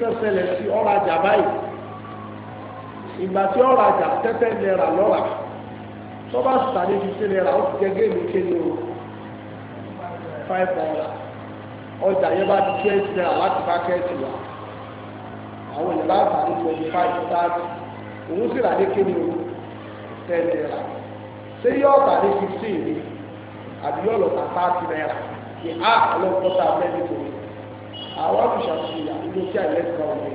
kan ṣẹlẹ̀ sí ọ̀rọ̀ àjà báyìí ìgbà tí ọ̀rọ̀ àjà tẹ́tẹ́ lẹ́ra lọ́ra tó bá sàdé fi ṣe ó ti jẹ́ kéde o five ọjà yẹn bá ti láti bá àwọn ìbá àgbà ní twenty five thirty òun sì rà ní kéde o ten naira ṣé yọ ọ̀tà ní fifteen ni àbí yọ ọ̀lọ́ta thirty naira ní a ọlọ́pọ̀tà mẹ́rin tó ní àwọn àbùṣà sí àdúgbò tí àìlẹ́sìn náà wọlé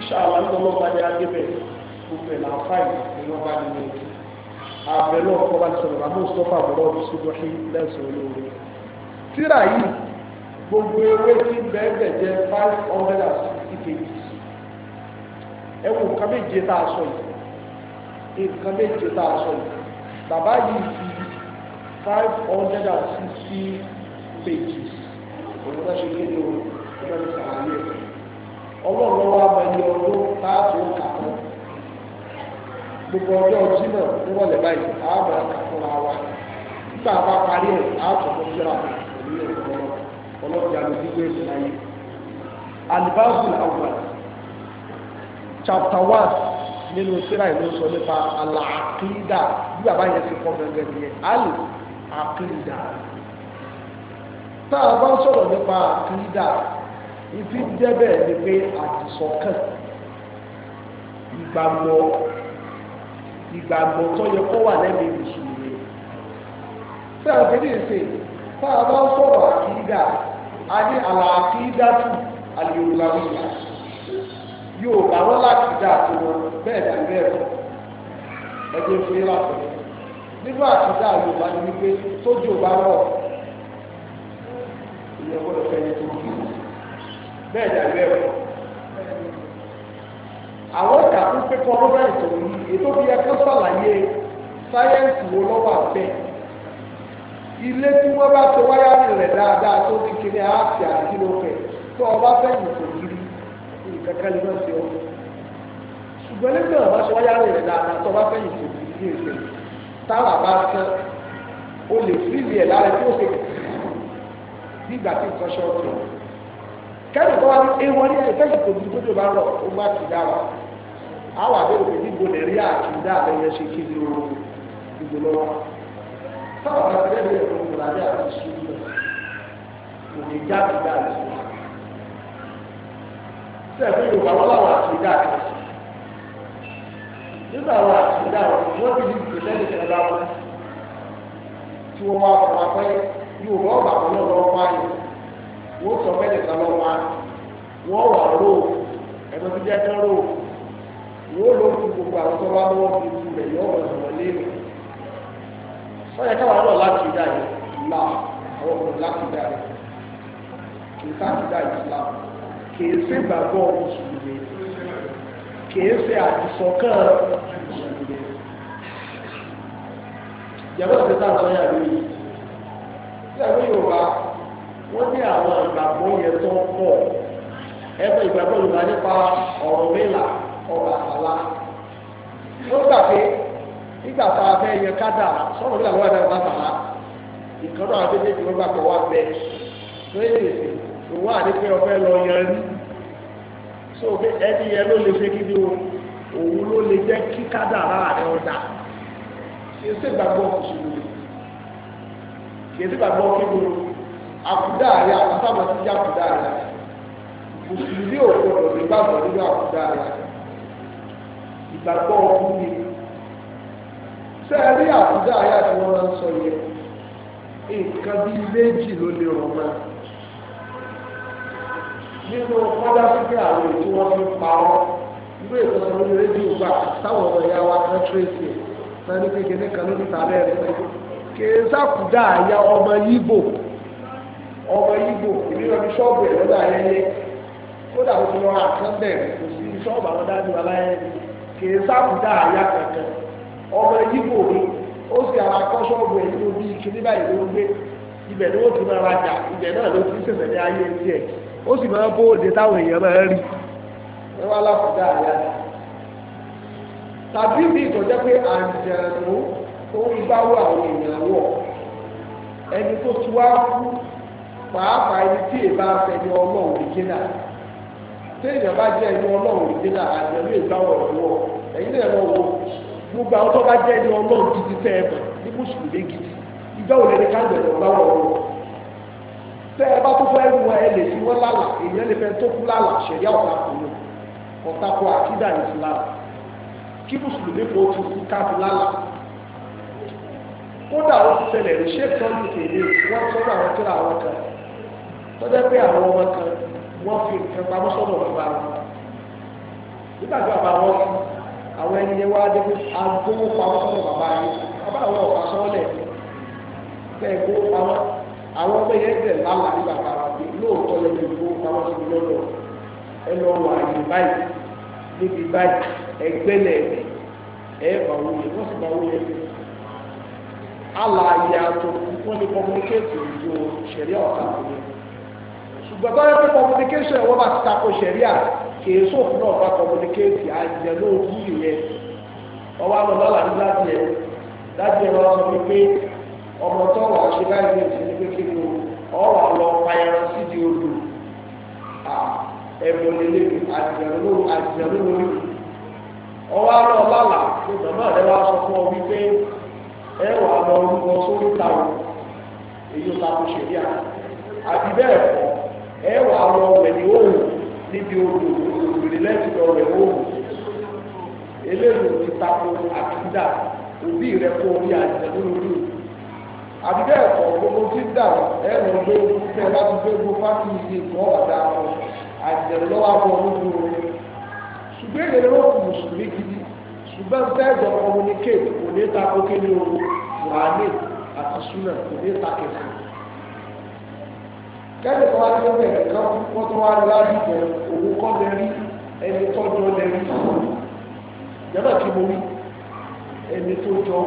ìṣàlá ń tọ́lọ́ bá dé agbébẹ̀ gbogbo ẹ̀ láǹfààní ni wọ́n bá nínú ètò àbẹ̀lú ọkọ̀ bá sọ̀rọ̀ àmú sọ́fà bọ̀rọ̀ ìṣubọ̀ṣí lẹ́sùn olóore tíra yìí gbogbo ewé tí bẹ́ẹ̀ bẹ̀ jẹ́ five hundred and six sixty pages ẹ wo nǹkan méje tá a sọ yìí fi five hundred and sixty pages òun náà ṣe kéde o ìgbà tí sàlàyé ẹ ọdún táàtì ó kà gbogbo ọjọ́ ọtí náà níwọ̀lẹ̀ báyìí àá máa kà fúnra wa nígbà bá parí ẹ̀ àá tọ̀ fún alibabul awwal chapter one nínú síra ìlú sọ nípa alaakida bí bàbá yẹn ti kọ́ gẹ́gẹ́ nìyẹn ali akida tá a bá sọ̀rọ̀ nípa akida ìfi jẹ́bẹ̀ ni pé àtisọ́kàn ìgbàgbọ́ ìgbàgbọ́ tó yẹ kó wà lẹ́mìí mùsùlùmí tá a fi ní ìsè tá a bá sọ̀rọ̀ akida a ní alaakida tù aliyuwulawiya yóò bá wọn láti dá àti wọn bẹ́ẹ̀ dà bẹ́ẹ̀ bọ ẹgbẹ́ fún yín láti nínú àtúndà yorùbá ni wípé tójú ò bá rọ ìyẹn gbọ́dọ̀ fẹyẹ tó kí bẹ́ẹ̀ dà bẹ́ẹ̀ bọ àwọn ìdàkú pé kọ ọdún báyìí tó yìí ètò bí ẹ kán sàlàyé sáyẹ́ǹsì wo lọ́wọ́ àbẹ́ ilé tí wọ́n bá ti wáyà rẹ̀ dáadáa tó ní kiri àti àti lókè tó ọba fẹ́yìn kò kiri nǹkan kan lè má ṣe ọ́ ṣùgbọ́n nígbà wọn bá ṣe wáyà rẹ̀ dáadáa tó ọba fẹ́yìn kò kiri ní èsè táwa bá tán o lè fi ilé ẹ̀ lára tí ó ṣe bí ìgbà tí nǹkan ṣọ́ọ̀tì kẹ́rin tó wá ní ewu ní ẹ̀fẹ́yìn kò kiri tó tó bá rọ̀ ó gbà kí dára àwọn àbẹ̀wò pé níbo lè rí àkìdá àbẹ̀yẹ ṣe kí ni ooru ìgbò lọ́wọ́ táwọn àbẹ̀wò ẹ̀rọ ìgbàlódé àti ìṣúná òní jáde sẹ́ẹ̀fẹ́ yorùbá wọn làwọn àtúndà kan nínú àwọn àtúndà wọn bí ní ìgbésẹ̀ nìkan láwọn tí wọ́n wá fún wa yorùbá ọ̀gbà kan náà lọ́wọ́ wá wọ́n sọ fẹ́ nìkan lọ́wọ́ wá wọ́n wà ró ẹ̀rọ tó jẹ́ kán ró wọ́n ló fi gbogbo àwọn tó lọ́wọ́ fi rẹ̀ yọ ọ̀rọ̀ ìwọ̀n káwọn láti yìí àwọn ọ̀rọ̀ láti yìí kìí ṣe gbàgbọ́ mùsùlùmí kìí ṣe àdìsọ́kàn mùsùlùmí. ìjàmbá ti ta àtọ́yà lóyè ìjàmbá yorùbá wọ́n ní àwọn ìgbàgbọ́ yẹn tó ń pọ̀ ẹgbẹ́ ìgbàgbọ́ yorùbá nípa ọ̀rọ̀ mẹ́la ọ̀rọ̀ àfàlà wọ́n gbà pé nígbà tá a fẹ́ yẹ kádà sọ̀rọ̀ mẹ́la lọ́wọ́ ẹ̀dá àti kò wá àdékẹ́ ọ̀fẹ́ lọ yan rí so ẹni yẹn ló lè ṣe kí ni o òun ló lè jẹ́ kí kádàrá rẹ̀ ọ̀dà kì í ṣègbàgbọ́ kùsùlùmí kì í ṣègbàgbọ́ kí ni o àkùdá rẹ̀ àkùsámọ ti jẹ́ àkùdá rẹ̀ kùsùlùmí ò gbọdọ̀ lè gbàgbọ́ nínú àkùdá rẹ̀ ìgbàgbọ́ ọkùn ni sẹ́ẹ̀rí àkùdá rẹ̀ àti wọn máa ń sọ yẹn nǹkan bíi méjì ló lè rọ̀ máa. nínú kọ́dá pípẹ́ àwọn èyí tí wọn fi pa ọ́ ìwé ìtọ́sọ lórí rédíò gbà táwọn ọmọ ìyá wa kan tírèsì náà ní kan ọmọ yíbò ọmọ yíbò ìbí lọ fi ṣọ́ọ̀bù ayẹyẹ kódà lọ kò sí ṣọ́ọ̀bù àwọn dájú aláyẹ kankan ọmọ yíbò ni ó sì ara kọ́ ṣọ́ọ̀bù bí báyìí ló ń gbé ibẹ̀ ni ó ó sì máa bóde táwọn èèyàn máa rí ẹ wá láfọjá àyà tàbí bí ìtọ́jẹ́ pé àjẹ̀rù tó ń bá wọ àwọn èèyàn wọ̀ ẹni tó ti wá kú pàápàá ẹni tí èèbá fẹni ọlọ́run ìjìnà tí èèyàn bá jẹ́ ẹni ọlọ́run ìjìnà àjẹ̀rù ìgbàwọ̀ ìwọ̀ ẹ̀yin náà lọ wọ gbogbo àwọn tó bá jẹ́ ẹni ọlọ́run tẹ ẹ bá tó fẹ́ wọ ẹ lè fi wọ́n lálà èèyàn lè fẹ́ tó kú lálà ṣẹ̀yà ọ̀tá kò lò ọ̀tá kò àkídà Islam kí mùsùlùmí kò tún kú káfí lálà kódà ó ti ṣẹlẹ̀ rí ṣé tọ́jú tèmi wọ́n sọ́dọ̀ àwọn tó ra àwọn kan tọ́jú pé àwọn ọmọ kan wọ́n fi nǹkan pamọ́ sọ́dọ̀ bàbá wọn nígbà tí bàbá wọn fún àwọn ẹni yẹn wá dé pé agbówó pamọ́ sọ́dọ̀ bàbá yẹn bàbá àwọn ọ̀pá sọ́ọ́lẹ̀ bẹ́ẹ̀ gbówó pamọ́ àwọn ọmọ yẹn tẹ̀ lálà ní bàbá wa pé lóòótọ́ lẹ́nu ìfowópamọ́ sí mi lọ́dọ̀ ẹ lọ wà ní báyìí níbi báyìí ẹgbẹ́ lẹ́ẹ̀mí ẹ bá wọ́n yẹ wọ́n sì bá wọ́n yẹ alààyè àtọ̀ wọ́n lè communicate ìjọ ṣẹ̀ríà ọ̀tá kò yẹ ṣùgbọ́n tó yẹ pé communication ẹ̀wọ́n bá ti takò ṣẹ̀ríà kìí sófin náà bá communicate àjẹ lóòótọ́ yìí yẹ ọwọ́ àwọn ọlọ́lá ní láti ẹ̀ láti ẹ̀ lọ́wọ́ sọ pé ọmọ tó wà ṣe báyìí ní kékeré o a àlọ́ payẹrẹ sídìí odò ẹ̀bùn lélẹ̀ àjẹ̀rú àjẹ̀rú lórí ọwọ́ àlọ́ lálà tó bàbá rẹ sọ fún ọ wípé ẹ wà lọ orúkọ sórí èyí ó àti ẹ wà lọ níbi odò lọ eléyìí ti àtúndà òbí rẹ kó lórí. àbíkẹ́ ẹ̀kọ́ gbogbo tí ń dà ẹ̀rọ ló fẹ́ bá ti gbé gbogbo fásitì ìdí ìkọ́ ọ̀dà wọn àjẹlọ́wọ́ àbọ̀ lójú omi ṣùgbọ́n èdè ló kù mùsùlùmí gidi ṣùgbọ́n tẹ́ẹ̀dọ̀ communicate kò ní ta ókè ní ooru wàhálì àti súnà kò ní ta kẹsì. kẹ́lẹ́ tó wá ní ọ̀bẹ̀ kan wọ́n tó wá ní ládùúgbò òun kọ́ lẹ rí ẹni tó jọ lẹ rí. yàrá kí mo rí ẹni tó jọ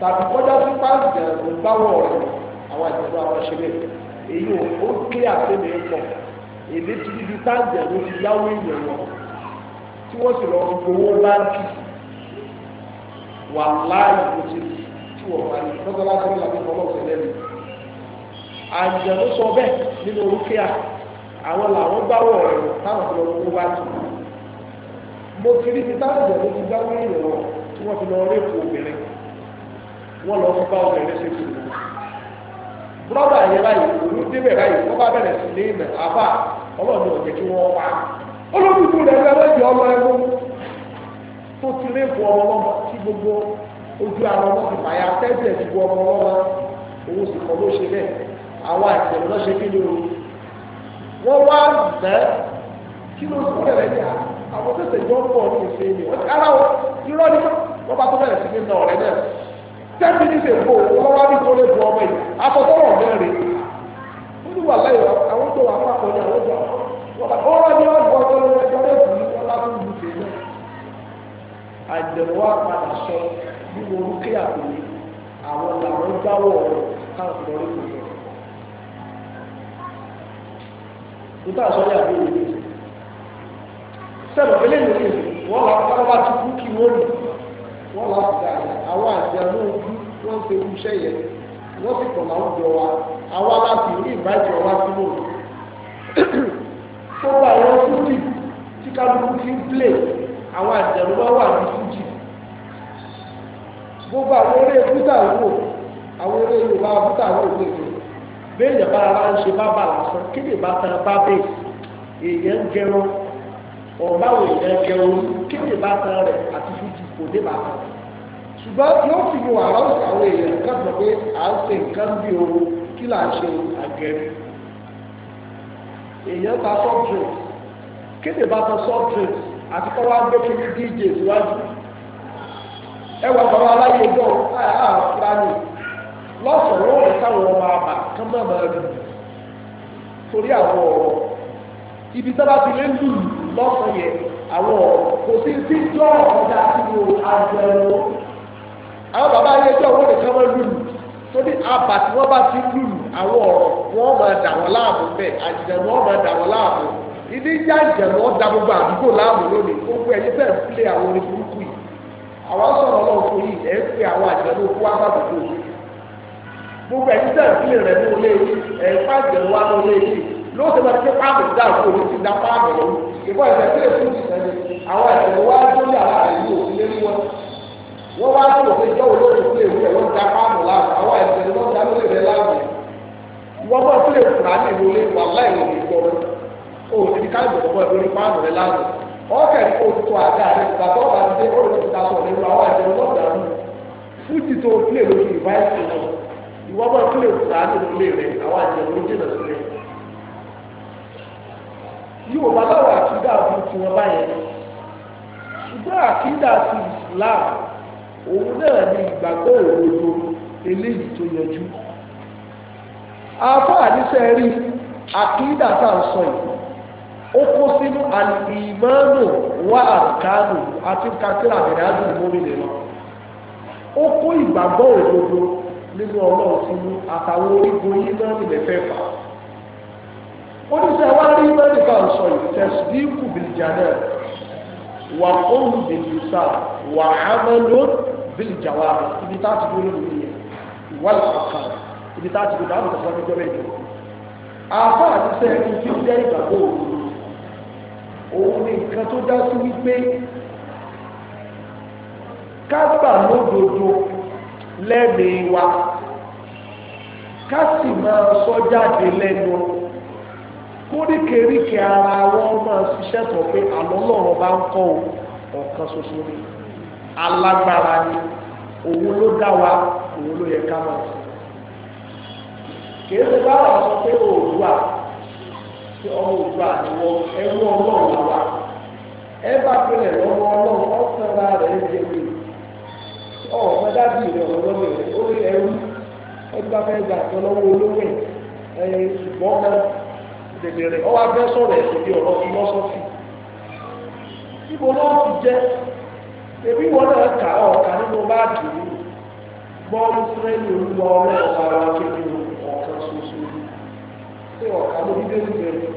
tàbí kọjá sí páàkì ẹ̀rùn gbáwọ̀ rẹ̀ àwọn ìjọba àwọn ṣẹlẹ̀ èyí ò ó kí àtẹnì pọ̀ èdè ti di páàkì ẹ̀rùn ti yáwó èèyàn lọ tí wọ́n sì lọ gbowó báńkì wà láàyè tó ti tí wọ́n wà ní lọ́dọ̀ láti rí làbí ọmọ òṣèlè mi. àjẹ́ ló sọ bẹ́ẹ̀ nínú orúkẹ́à àwọn làwọn gbáwọ̀ rẹ̀ táwọn ti lọ gbowó báńkì. mo ti rí ti táwọn ìjọba ti gbáwó èèyàn lọ tí wọ́n ti lọ rí èkó obìnrin wọ́n lọ fún báwọn ẹ̀rẹ́ ṣe fún un. bùrọ́dà yẹn báyìí òun débẹ̀ báyìí wọ́n bá bẹ̀rẹ̀ sí ní ìmẹ̀ àbá ọlọ́run ọ̀jẹ̀ kí wọ́n pa. olóòtú rẹ̀ fẹ́ lọ́jọ́ ọmọ ẹgbẹ́ tó ti lé bu ọmọ lọ́mọ tí gbogbo ojú àwọn ọmọ ti fàyà tẹ́tẹ̀ ti bu ọmọ lọ́mọ owó sì kọ́ ló ṣe bẹ́ẹ̀ àwọn àìsàn lọ́ ṣe kí ni o wá lẹ́ kí ló sọ rẹ̀ lẹ́yìn àwọn tẹ̀sẹ̀ jọ pọ̀ ní ìṣe ni wọ́n ti ara wọn irọ́ ni wọ́n bá tó bẹ̀rẹ̀ sí ní ọ̀rẹ́ náà ten minutes ago lọ́wọ́ ní kó lè bu ọmọ yìí afọ́tọ́rọ̀ mẹ́rin ó ní wà láyọ̀ àwọn tó wà papọ̀ ní àwọn ọjà ó rọ ní ọgbọ tó lọ ẹjọ́ lè bù ní wọn bá tún bù tèmi àjẹwò àpàdà sọ bí mo rú kí àpèlé àwọn làwọn jáwọ́ ọ̀rọ̀ káàkiri ọ̀rẹ́ kò nígbà sọ ní àbí òye sẹ́nu eléyìí wọ́n wá pápá tó kú kí wọ́n lò wọ́n là fìdá àwọn àjẹmú ojú wọ́n ń serú iṣẹ́ yẹn wọ́n sì pọ̀ láwùjọ wa àwa láti rí ìbájọ wa sínú òní. fúnpa àwọn fújì tí kálukú ti ń plé àwọn àjẹmú wa wà ní fújì. gbogbo àwọn eré bútà wò àwọn eré yorùbá bútà wò lè lò béèyàn bá ara ń ṣe bábà lásán kí lè bá tan bá bẹ́ẹ̀ èèyàn ń jẹun ọ̀báwò èèyàn jẹun kí lè bá kò dé bàbá ṣùgbọ́n yóò fi wọ àrà òsì àwọn èèyàn kan pé à ń ṣe nǹkan bí o kí là ń ṣe èèyàn ta soft drinks kéde bá ta soft drinks àti kọ́ wá gbé kí dj síwájú ẹ wà bàbá aláyé ibi bá ti lé lọ́sàn àwọn kò sí sí jọ ọ̀dà ìlú àjẹrò àwọn bàbá yẹn jọ wọn nìkan wọn lùlù torí àbà tí wọn bá ti lùlù àwọn ọ̀rọ̀ wọn máa dà wọn láàmú bẹ́ẹ̀ wọn máa dà ìdí ìjà gbogbo àdúgbò lónìí gbogbo bẹ́ẹ̀ àwọn orin burúkú yìí àwọn sọ̀rọ̀ lọ́wọ́ fún yìí ẹ̀ ń àwọn wá gbogbo bẹ́ẹ̀ rẹ̀ ní lóòótọ́ bá ti pààmì dá òkúrò ti dá pààmì ẹ̀rú ìbọn ẹ̀sẹ̀ tí èkó ti sẹ́ni àwọn ẹ̀sẹ̀ wá lórí àlàyé yìí òfin lé wọn wọ́n wá sí òfin jọ́ olóòtú pé èkó ẹ̀wọ́n dá pààmì láàbù àwọn ẹ̀sẹ̀ wọ́n dá lórí rẹ̀ láàbù wọ́n bọ́ sílẹ̀ kùrà ní ìlú wà láì wò ní gbọ́rọ́ òsì káàdì ọ̀pọ̀ ìlú pààmì rẹ̀ láàbù ọ̀kẹ́ òtò àga rẹ̀ gbàtọ́ bá ti dé olùkọ́ ti ta sọ̀rọ̀ nínú àwọn ẹ̀sẹ̀ wọ́n dà nù fújì tó kílè lórí ìbáyìí ìwọ́n bọ́ sílẹ̀ yóò bá báwo àkídà ọdún tí wọ́n bá yẹn ṣùgbọ́n àkídà ti Islam òun náà ni ìgbàgbọ́ òdodo eléyìí tó yọjú afọ àdísẹ rí àkídà tá à ń sọ yìí ó kó sínú àlìmọ́nù wà àkánù àti kakíra àbẹ̀dájú ìmọ̀mìnì lọ ó kó ìgbàgbọ́ òdodo nínú ọlọ́run sínú àtàwọn orígun yìí náà nílẹ̀ fẹ́ fà á oníṣẹ́ wa rí mẹ́ríkà sọ tẹ̀sídìkù bìlìjàdẹ̀ wà kóhùn bìlìsà wà ámẹ́lò bìlìjàwà ibi tá a ti gbé lórí yẹn wà lọ́kàn ibi tá a ti gbé lórí àwọn ọ̀sán ìjọba ìjọ afọ àtisẹ́ ẹni tí ó jẹ́ òun ni nǹkan tó dá sí wípé kábà lódodo lẹ́mìí wa ká sì máa sọ jáde lẹ́nu kóríkèríkè ara wọn máa ṣiṣẹ́ tó pé àlọ́lọ́rọ̀ bá ń kọ́ ọ̀kan ṣoṣo ni alágbára ni òun ló dá wa òun ló yẹ ká máa sọ kìí bá wà sọ pé òòdùà tí ọmọ òòdùà ni wọ ẹrú ọlọ́run ẹ bá lọ́wọ́ ọlọ́run rẹ̀ ń jẹ mi rẹ̀ rẹ̀ ó rí ẹrú ẹgbẹ́ tèmi rẹ̀ ọwọ́ abẹ́ sọ̀rọ̀ ẹ̀sìn bí ọ̀rọ̀ fílọ́sọ́fì níbo ló ti jẹ́ èmi wọn náà kà ọ́ kà nínú báàgì mi gbọ́ sẹ́yìn olúwa ọlọ́ọ̀ta wa kéde ọ̀kan ṣoṣo ṣé ọ̀ka ló ní débi bẹ̀rẹ̀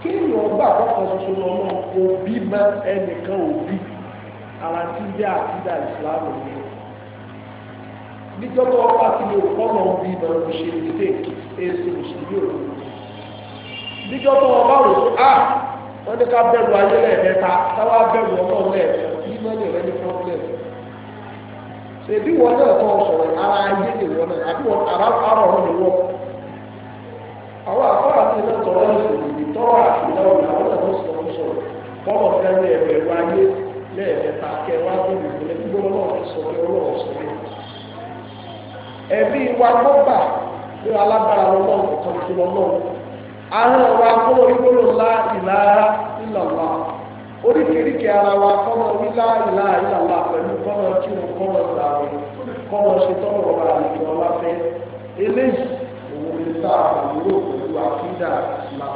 kí ni ọba àkọ́kọ́ ṣoṣo lọ́nà òbí mọ ẹnìkan òbí ara tí ń jẹ́ àtúndà ìsìlámù ni nítorí ọba ti lè kọ́ ọ̀nà òbí mọ òṣèlú tèkì èsì òṣèlú òṣèlú. níjọ́ tó a ah, wọ́n ní ká bẹ̀rù ayé lẹ́ẹ̀mẹ́ta táwa bẹ̀rù ọlọ́run lẹ́ẹ̀mẹ́ta ìmọ̀lẹ̀ rẹ ní problem. ṣèbí wọn náà kọ́ sọ̀rọ̀ ara ayé lè wọ́n náà àbí wọn ara ọ̀rọ̀ lè wọ́. àwọn náà ayé kẹwàá àwọn ọ̀rọ̀ akọ́wọ́ ìgbóló ńlá ìlàrá ìlàlá oríkèéríkèé ara wa kọ́mọ wílá ìlà ìlàlá pẹ̀lú kọ́mọ tí wọn kọ́mọ sàrò kọ́mọ ṣe tọ́lọ̀ ọba àlejò ọlá fẹ́ eléyìí òun lè ta àbúrò pẹ̀lú àfídà ìlà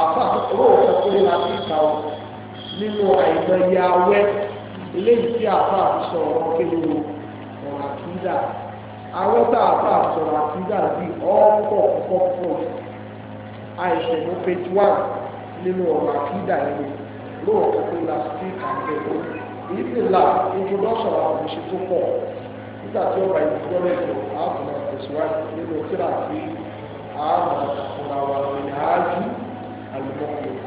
àfa àkọ́kọ́ òkèkúrẹ́ láti ìta o nínú àìmọye awẹ́ eléyìí tí àfa àtúnṣe ọ̀rọ̀ kéwòn ọ̀rọ̀ àfídà awẹ́ tá àfa àtúnṣe ọ̀rọ̀ àfídà bíi ọ̀pọ̀ pọ̀pọ̀ àìṣẹ̀lú page one nínú ọ̀rọ̀ àkídà ẹ̀rọ lóòótọ́ pé la sí kàńpẹ̀ ló èyí ti là introduction àwọn òṣìṣẹ́ tó pọ̀ nígbà tí ọba ìgbọ́lẹ̀dọ̀ ààbùnà tẹ̀síwájú nínú kíra àti ààbùnà àkùnà wà lórí àájú àlùmọ́kùnrin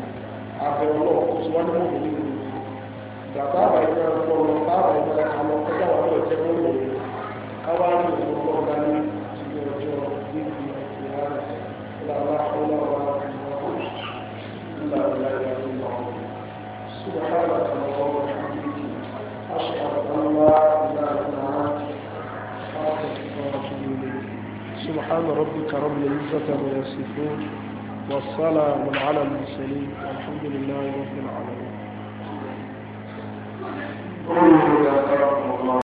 àbẹ̀wò náà kó tí wọ́n ní mọ̀ nínú ìgbà táàbà ìgbà ń bọ̀ lọ táàbà ìgbà ń bọ̀ lọ kọjá wà lọ́ọ̀ jẹ́ mọ́ حول ولا قوة إلا بالله العلي العظيم سبحانك اللهم أشهد أن لا إله إلا أنت سبحان ربك رب العزة عما يصفون والسلام على المرسلين والحمد لله رب العالمين.